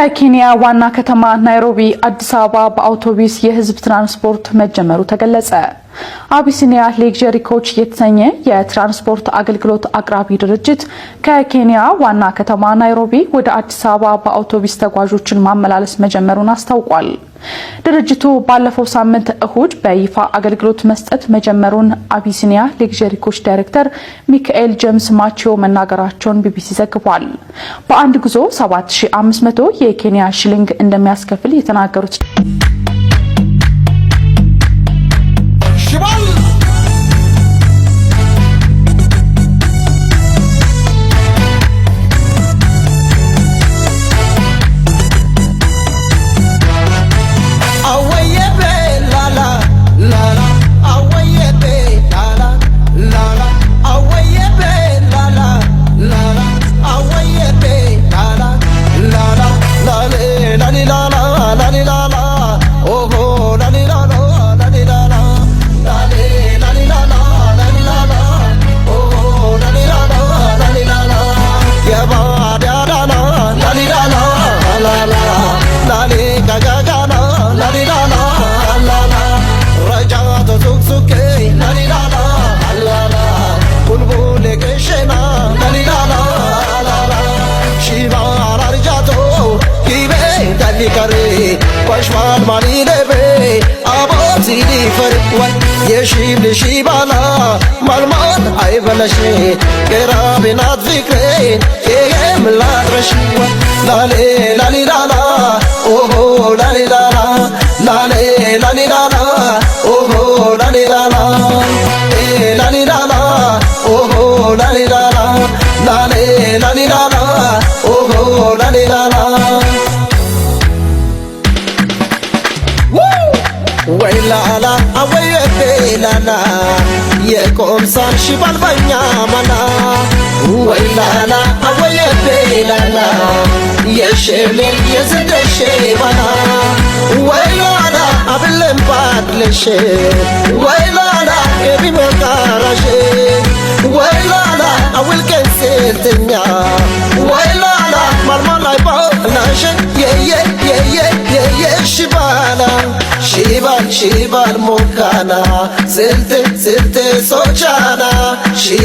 በኬንያ ዋና ከተማ ናይሮቢ አዲስ አበባ በአውቶቡስ የህዝብ ትራንስፖርት መጀመሩ ተገለጸ። አቢሲኒያ ሌክዠሪ ኮች የተሰኘ የትራንስፖርት አገልግሎት አቅራቢ ድርጅት ከኬንያ ዋና ከተማ ናይሮቢ ወደ አዲስ አበባ በአውቶቡስ ተጓዦችን ማመላለስ መጀመሩን አስታውቋል። ድርጅቱ ባለፈው ሳምንት እሁድ በይፋ አገልግሎት መስጠት መጀመሩን አቢሲኒያ ሌክዠሪ ኮች ዳይሬክተር ሚካኤል ጀምስ ማቺዮ መናገራቸውን ቢቢሲ ዘግቧል። በአንድ ጉዞ 7500 የኬንያ ሽሊንግ እንደሚያስከፍል የተናገሩት la la La li ga ga ga la La li la la la la Rajaat zuk zuk La li la la la la Bulbul keșena La li la la la la Șiva arar jato Kive deli kare Pașman mani debe سيدي فرقوان يشيب لشيب على مالمان عيبنا شي قرابي ناد فكرين يهيم لا ترشوان لالي لالي لالا اوهو لالي لالا لالي لالي لالا اوهو لالي لالا لالي لالا اوهو لالي لالا لالي لالي لالا اوهو لالي لالا መላ አወየ ላላ የቆም ሳር ሽባል በኛ መላ ወይ ላላ አወየ ላላ የሸሜል የዘደሸ መላ ወይ ላላ አብለም ባድለሽ ወይ ላላ የቢመቃራሽ ወይ ላላ አውልቀን ሴትኛ ወይ ላላ ማልማ ላይ ባላሽ የየ የየ የየ ሽባላ Şival Mokana Sirte sirte Soçana Şival